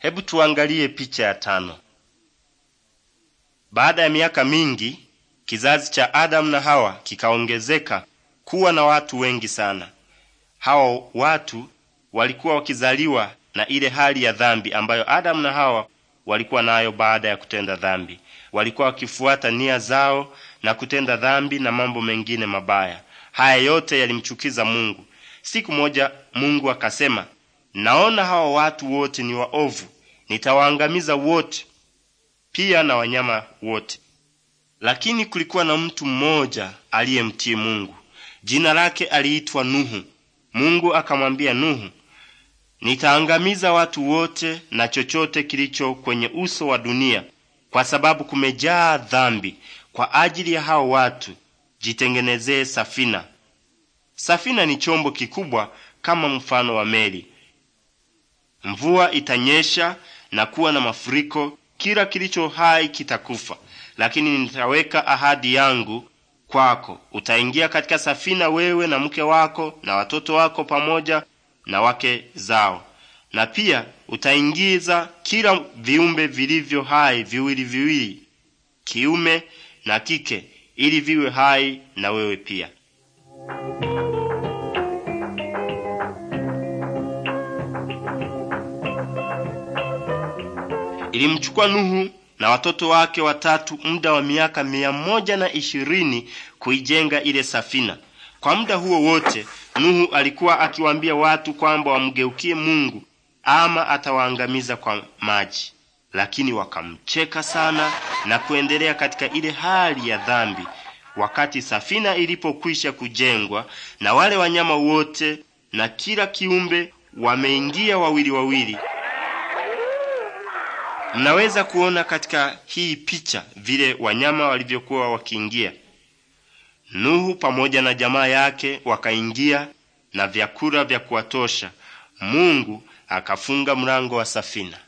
Hebu tuangalie picha ya tano. Baada ya miaka mingi, kizazi cha Adamu na Hawa kikaongezeka kuwa na watu wengi sana. Hao watu walikuwa wakizaliwa na ile hali ya dhambi ambayo Adamu na Hawa walikuwa nayo baada ya kutenda dhambi. Walikuwa wakifuata nia zao na kutenda dhambi na mambo mengine mabaya. Haya yote yalimchukiza Mungu. Siku moja Mungu akasema, naona hawa watu wote ni waovu, nitawaangamiza wote, pia na wanyama wote. Lakini kulikuwa na mtu mmoja aliyemtii Mungu, jina lake aliitwa Nuhu. Mungu akamwambia Nuhu, nitaangamiza watu wote na chochote kilicho kwenye uso wa dunia, kwa sababu kumejaa dhambi. Kwa ajili ya hao watu, jitengenezee safina. Safina ni chombo kikubwa kama mfano wa meli. Mvua itanyesha na kuwa na mafuriko, kila kilicho hai kitakufa, lakini nitaweka ahadi yangu kwako. Utaingia katika safina, wewe na mke wako na watoto wako pamoja na wake zao, na pia utaingiza kila viumbe vilivyo hai viwili viwili, kiume na kike, ili viwe hai na wewe pia. Ilimchukua Nuhu na watoto wake watatu muda wa miaka mia moja na ishirini kuijenga ile safina. Kwa muda huo wote Nuhu alikuwa akiwaambia watu kwamba wamgeukie Mungu ama atawaangamiza kwa maji, lakini wakamcheka sana na kuendelea katika ile hali ya dhambi. Wakati safina ilipokwisha kujengwa na wale wanyama wote na kila kiumbe wameingia wawili wawili, Mnaweza kuona katika hii picha vile wanyama walivyokuwa wakiingia. Nuhu pamoja na jamaa yake wakaingia na vyakula vya kuwatosha. Mungu akafunga mlango wa safina.